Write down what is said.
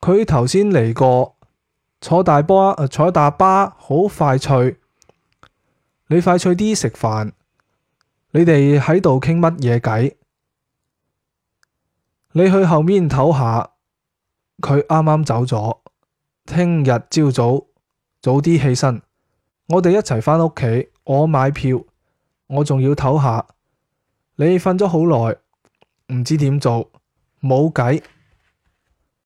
佢頭先嚟過，坐大巴，坐大巴好快脆。你快脆啲食飯。你哋喺度傾乜嘢計？你去後面唞下。佢啱啱走咗。聽日朝早早啲起身，我哋一齊翻屋企。我買票，我仲要唞下。你瞓咗好耐，唔知點做，冇計。